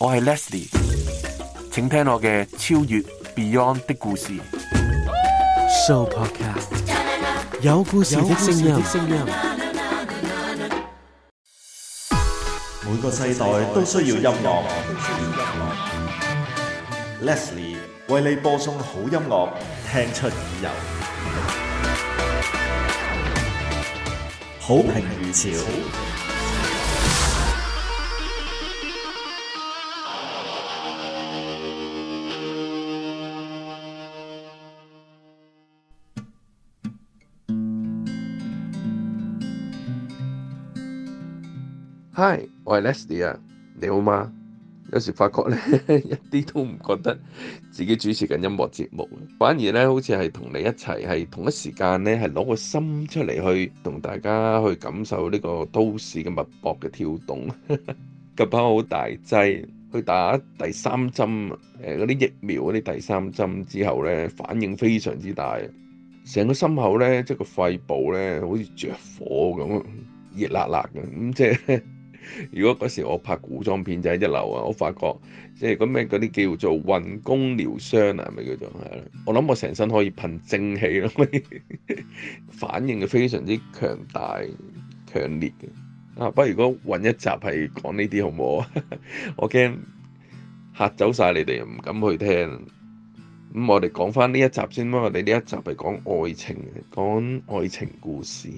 我係 Leslie，請聽我嘅超越 Beyond 的故事。Supercast 有故事的聲音。每個世代都需要音樂。Leslie 為你播送好音樂，聽出耳油，好評如潮。Hi，我係 Leslie 啊，你好嗎？有時發覺呢，一啲都唔覺得自己主持緊音樂節目，反而呢好似係同你一齊係同一時間呢，係攞個心出嚟去同大家去感受呢個都市嘅脈搏嘅跳動。夾跑好大劑，去打第三針誒嗰啲疫苗嗰啲第三針之後呢，反應非常之大，成個心口呢即係個肺部呢，好似着火咁，熱辣辣嘅，咁即係。如果嗰時我拍古裝片就係一流啊！我發覺即係嗰咩啲叫做運功療傷啊，係咪叫做係啊？我諗我成身可以噴精氣咯， 反應係非常之強大強烈嘅啊！不過如果運一集係講呢啲好唔好啊？ 我驚嚇走晒你哋唔敢去聽。咁我哋講翻呢一集先啦。我哋呢一集係講愛情嘅，講愛情故事，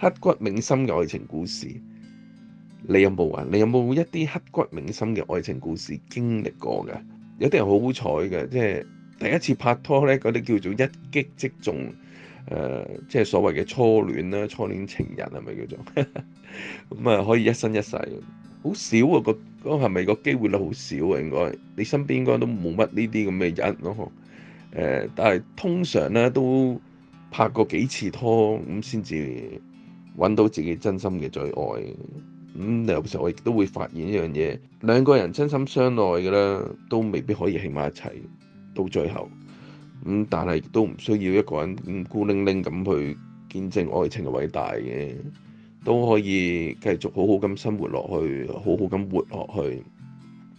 刻骨銘心嘅愛情故事。你有冇啊？你有冇一啲刻骨銘心嘅愛情故事經歷過㗎？有啲人好好彩嘅，即係第一次拍拖呢，嗰啲叫做一擊即中，誒、呃，即係所謂嘅初戀啦，初戀情人係咪叫做咁啊、 嗯？可以一生一世，好少啊！個嗰係咪個機會率好少啊？應該你身邊應該都冇乜呢啲咁嘅人咯、啊。誒、呃，但係通常呢、啊，都拍過幾次拖咁先至揾到自己真心嘅最愛。咁有時候我亦都會發現一樣嘢，兩個人真心相愛嘅咧，都未必可以喺埋一齊到最後。咁、嗯、但係亦都唔需要一個人孤零零咁去見證愛情嘅偉大嘅，都可以繼續好好咁生活落去，好好咁活落去，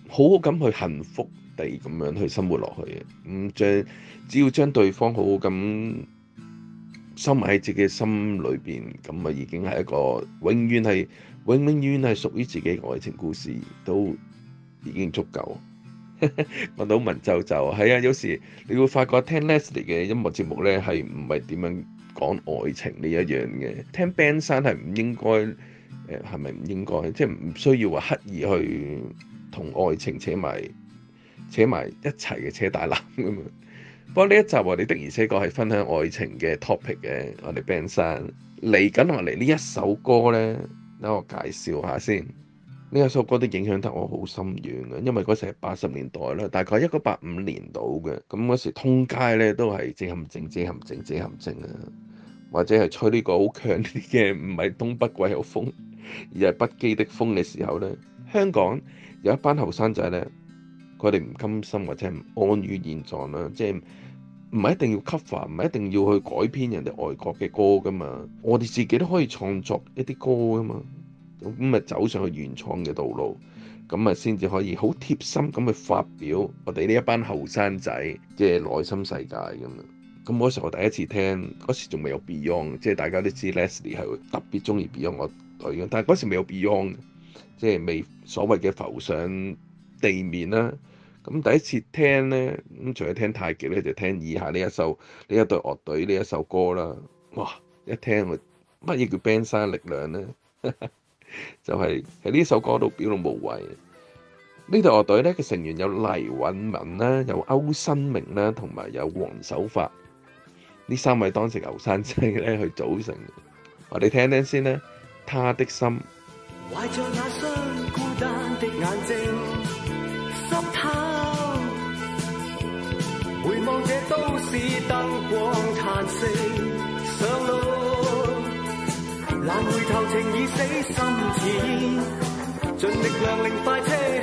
好好咁去幸福地咁樣去生活落去。咁、嗯、將只要將對方好好咁收埋喺自己心裏邊，咁啊已經係一個永遠係，永永遠遠係屬於自己嘅愛情故事，都已經足夠。問到文縐縐係啊，有時你會發覺聽 Leslie 嘅音樂節目呢，係唔係點樣講愛情呢一樣嘅？聽 Band 山係唔應該誒？係咪唔應該？即係唔需要話刻意去同愛情扯埋扯埋一齊嘅扯大纜咁樣。 不過呢一集我哋的而且確係分享愛情嘅 topic 嘅。我哋 Band 山嚟緊落嚟呢一首歌呢。等我介紹下先，呢首歌都影響得我好深遠嘅，因為嗰時係八十年代啦，大概一九八五年到嘅，咁嗰時通街咧都係這陷阱、這陷阱、這陷阱、這陷阱啊，或者係吹呢個好強啲嘅，唔係東北季候風，而係不羈的風嘅時候咧，香港有一班後生仔咧，佢哋唔甘心或者唔安於現狀啦，即係。唔係一定要 cover，唔係一定要去改編人哋外國嘅歌噶嘛，我哋自己都可以創作一啲歌噶嘛，咁咪走上去原創嘅道路，咁咪先至可以好貼心咁去發表我哋呢一班後生仔即係內心世界咁樣。咁嗰時我第一次聽，嗰時仲未有 Beyond，即係大家都知 Leslie 係會特別中意 Beyond 嗰隊，但係嗰時未有 Beyond，即係未所謂嘅浮上地面啦。咁第一次聽咧，咁除咗聽太極咧，就聽以下呢一首呢一隊樂隊呢一首歌啦。哇！一聽，我乜嘢叫 band sound 力量咧，就係喺呢首歌度表露無遺。呢隊樂隊咧嘅成員有黎允文啦，有歐新明啦，同埋有黃守發，呢三位當時牛山仔咧去組成。我哋聽一聽先咧，他的心。是燈光嘆息，上路難回頭，情已死心，心似煙，盡力量令快車。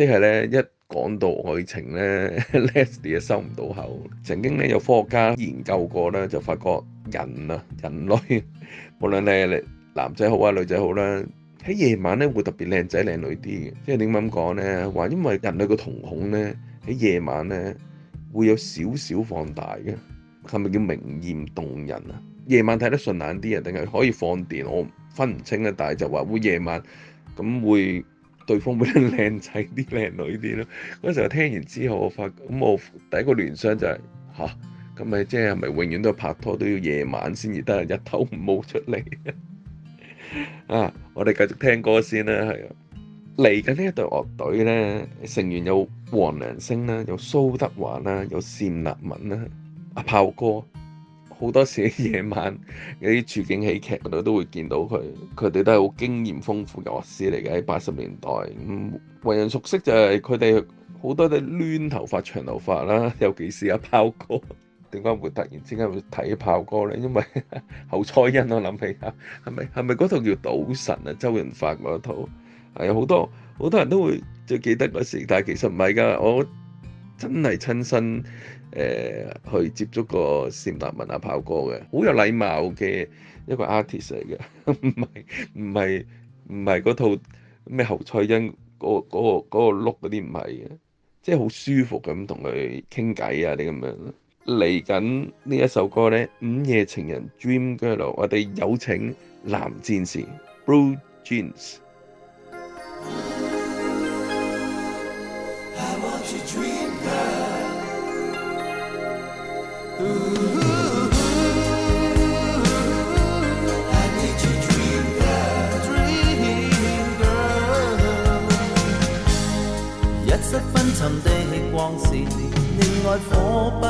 即係咧，一講到愛情咧，Leslie 收唔到口。曾經咧，有科學家研究過咧，就發覺人啊，人類無論你係男仔好啊，女仔好啦，喺夜晚咧會特別靚仔靚女啲嘅。即係點解咁講咧？話因為人類個瞳孔咧喺夜晚咧會有少少放大嘅，係咪叫明豔動人啊？夜晚睇得順眼啲啊，定係可以放電？我分唔清啊，但係就話會夜晚咁會。對方冇得靚仔啲靚女啲咯，嗰時候聽完之後，我發咁我第一個聯想就係吓，咁咪即係咪永遠都係拍拖都要夜晚先至得，日頭唔好出嚟啊！我哋繼續聽歌先啦，係啊，嚟緊呢一隊樂隊咧，成員有黃良星啦，有蘇德華啦，有單立文啦，阿炮哥。好多時喺夜晚有啲處境喜劇嗰度都會見到佢，佢哋都係好經驗豐富嘅樂師嚟嘅。喺八十年代咁，為人熟悉就係佢哋好多啲攣頭髮、長頭髮啦。尤其是阿炮哥，點解會突然之間會睇炮哥呢？因為侯賽 因我諗起下，係咪係咪嗰套叫《賭神》啊？周潤發嗰套係好多好多人都會最記得嗰時，但係其實唔係㗎，我真係親身。誒、呃、去接觸個單立文啊，炮哥嘅好有禮貌嘅一個 artist 嚟嘅，唔係唔係唔係嗰套咩侯賽恩嗰嗰個碌嗰啲唔係嘅，即係好舒服咁同佢傾偈啊，啲咁樣嚟緊呢一首歌呢，《午夜情人》（Dream Girl），我哋有請藍戰士 （Blue Jeans）。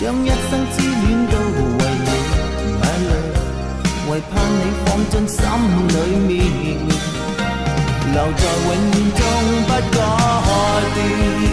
將一生痴戀都為你，唯盼你，你放進心裏面，留在永遠中不改變。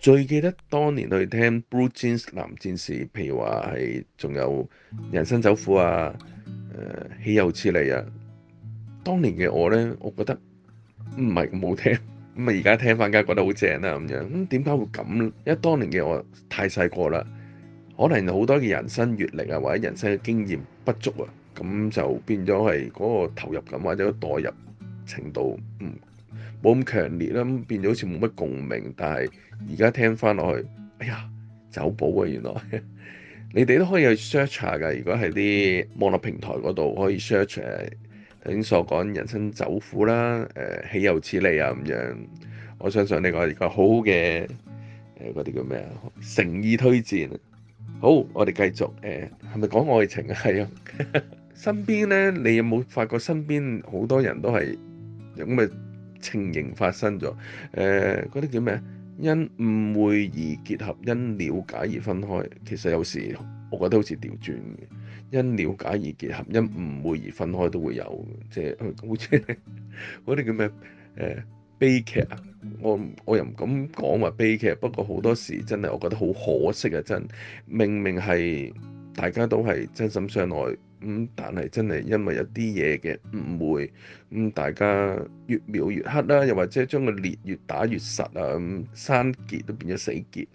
最記得當年去聽《Blue Jeans》藍戰士，譬如話係仲有《人生走苦》啊，《誒豈有此理》啊。當年嘅我咧，我覺得唔係咁好聽，咁啊而家聽翻梗覺得好正啦咁樣。咁點解會咁？因為當年嘅我太細個啦，可能好多嘅人生閲歷啊，或者人生嘅經驗不足啊，咁就變咗係嗰個投入感或者代入程度唔冇咁強烈啦，咁變咗好似冇乜共鳴。但係而家聽翻落去，哎呀，走寶啊！原來 你哋都可以去 search 下㗎。如果係啲網絡平台嗰度可以 search，頭先所講人生走苦啦，誒、呃，豈有此理啊咁樣。我相信呢個係一個好好嘅誒嗰啲叫咩啊，誠意推薦。好，我哋繼續誒，係咪講愛情啊？係啊，身邊咧，你有冇發覺身邊好多人都係咁咪？情形發生咗，誒嗰啲叫咩？因誤會而結合，因了解而分開。其實有時我覺得好似調轉嘅，因了解而結合，因誤會而分開都會有，即係好似嗰啲叫咩？誒、呃、悲劇啊！我我又唔敢講話悲劇，不過好多時真係我覺得好可惜啊！真明明係。大家都係真心相愛，咁、嗯、但係真係因為一啲嘢嘅誤會，咁、嗯、大家越描越黑啦，又或者將個裂越打越實啊，咁、嗯、生結都變咗死結，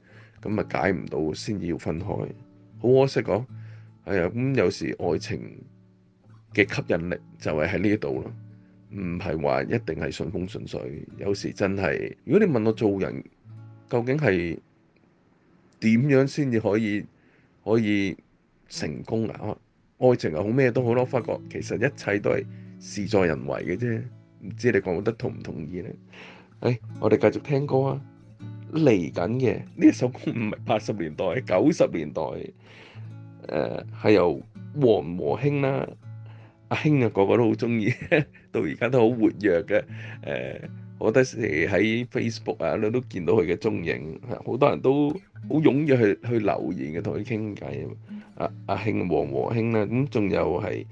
咁咪解唔到先至要分開，好可惜咯。係啊，咁、哎、有時愛情嘅吸引力就係喺呢度咯，唔係話一定係順風順水，有時真係如果你問我做人究竟係點樣先至可以可以，可以成功啊！愛情又好咩都好咯，發覺其實一切都係事在人為嘅啫。唔知你覺得同唔同意咧？誒、哎，我哋繼續聽歌啊！嚟緊嘅呢一首歌唔係八十年代，九十年代誒係、呃、由黃和，和興啦、啊，阿興啊個個都好中意， 到而家都好活躍嘅、啊。誒、呃，我覺得時喺 Facebook 啊你都見到佢嘅蹤影，好多人都～好勇嘅去去留言嘅同佢傾偈，阿阿慶黃和興啦，咁仲有係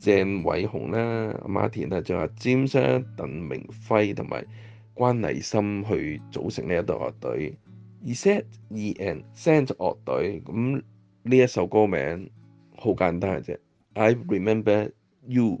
鄭偉雄啦，阿馬田啦，仲有阿 James、鄧明輝同埋關禮深去組成呢一隊樂隊，而 Set En Send 樂隊，咁呢一首歌名好簡單嘅啫，I remember you。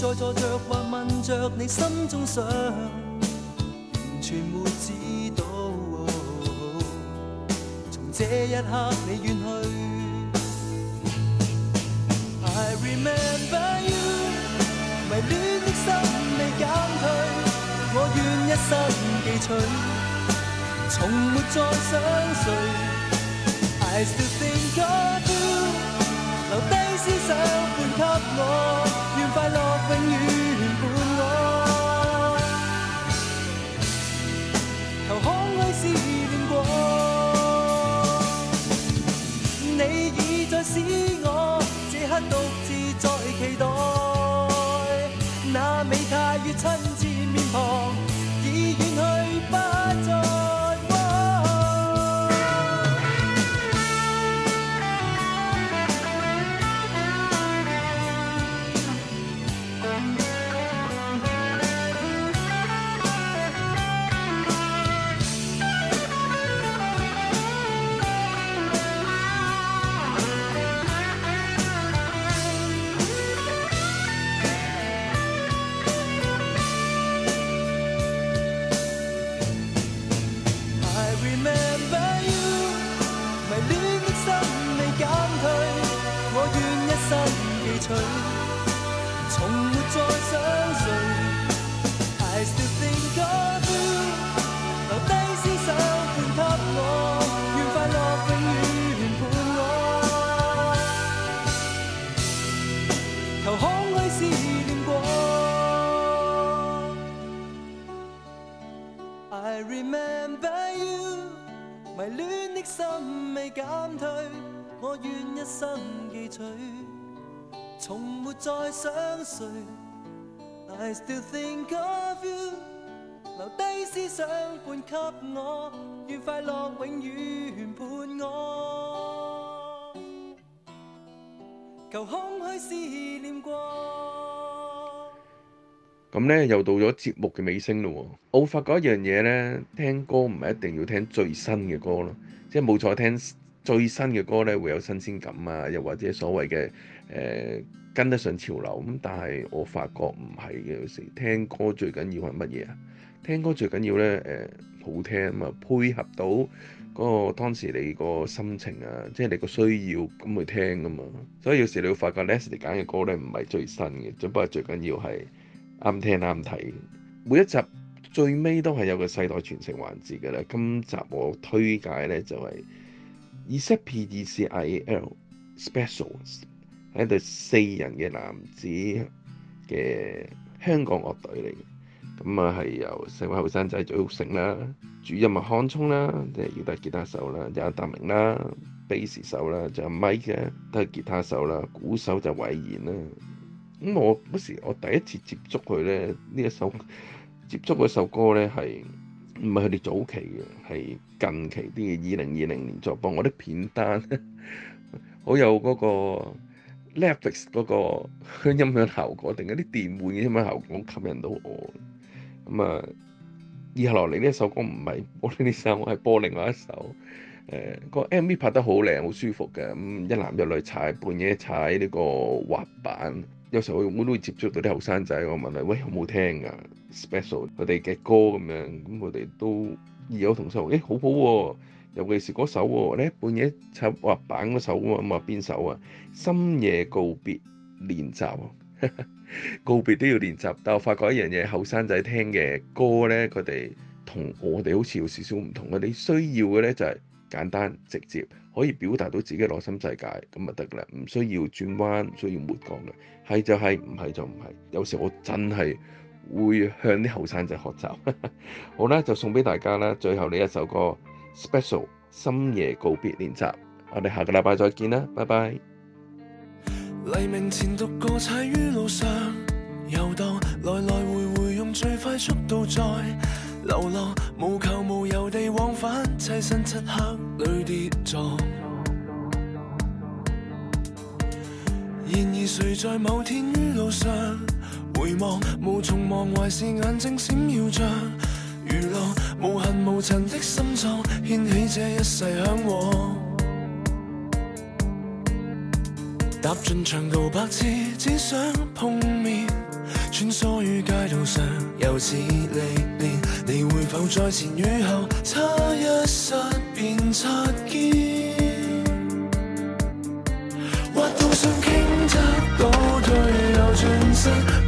在座着或問著你心中想，完全沒知道。Oh, oh, oh, oh, oh, 從這一刻你遠去。I remember you，迷戀的心未減退，我願一生記取，從沒再想誰。I still think of you，留低思想伴給我。永遠伴我，投空虛思念過。你已再使我這刻獨自在期待，那美態與親切面龐已遠去。再想誰？I still think of you。留低思想伴給我，願快樂永遠伴我，求空虛思念過。咁咧又到咗節目嘅尾聲咯喎，我發覺一樣嘢咧，聽歌唔係一定要聽最新嘅歌咯，即係冇錯聽最新嘅歌呢，會有新鮮感啊，又或者所謂嘅誒，跟得上潮流咁，但係我發覺唔係嘅，有時聽歌最緊要係乜嘢啊？聽歌最緊要呢誒，好聽啊嘛，配合到嗰個當時你個心情啊，即係你個需要咁去聽㗎嘛。所以有時你會發覺 Leslie 揀嘅歌呢，唔係最新嘅，只不過最緊要係啱聽啱睇。每一集最尾都係有個世代傳承環節嘅啦。今集我推介呢就係。Escapee Special，係一隊四人嘅男子嘅香港樂隊嚟嘅，咁啊係由四位後生仔組成啦，主音啊漢聰啦，即係要帶吉他手啦，就阿達明啦，Bass 手啦，就阿 Mike 都係吉他手啦，鼓手就偉賢啦。咁我嗰時我第一次接觸佢咧，呢一首接觸嗰首歌咧係。唔係佢哋早期嘅，係近期啲二零二零年作播。我啲片單好有嗰個 Netflix 嗰個音響效果，定一啲電玩嘅音響效果吸引到我。咁啊，以下落嚟呢一首歌唔係《我哋啲手》，我係播另外一首。誒，個 MV 拍得好靚，好舒服嘅。咁一男一女踩半夜踩呢個滑板。有時候我我都會接觸到啲後生仔，我問佢：喂，好冇聽啊？Special 佢哋嘅歌咁樣咁，我哋都異口同聲、欸、好好、啊、喎，尤其是嗰首喎咧半夜插畫板嗰首啊嘛邊首啊？深夜告別練習啊， 告別都要練習。但我發覺一樣嘢，後生仔聽嘅歌呢，佢哋同我哋好似有少少唔同。你需要嘅呢，就係、是。簡單直接可以表達到自己嘅內心世界咁咪得啦，唔需要轉彎，唔需要抹角嘅，係就係唔係就唔係。有時我真係會向啲後生仔學習。 好啦，就送俾大家啦，最後呢一首歌 special 深夜告別練習，我哋下個禮拜再見啦，拜拜。黎明前，獨個踩於路上，遊蕩來來回回用，用最快速度在流浪，無求無有地。棲身漆黑裏跌撞，然而誰在某天於路上回望，無從望懷是眼睛閃耀着如浪無痕無塵的心臟，掀起這一世嚮往，踏進長途百次只想碰面。穿梭於街道上，又似歷練。你會否在前與後，差一剎便擦肩？滑動上傾側，倒退又轉身。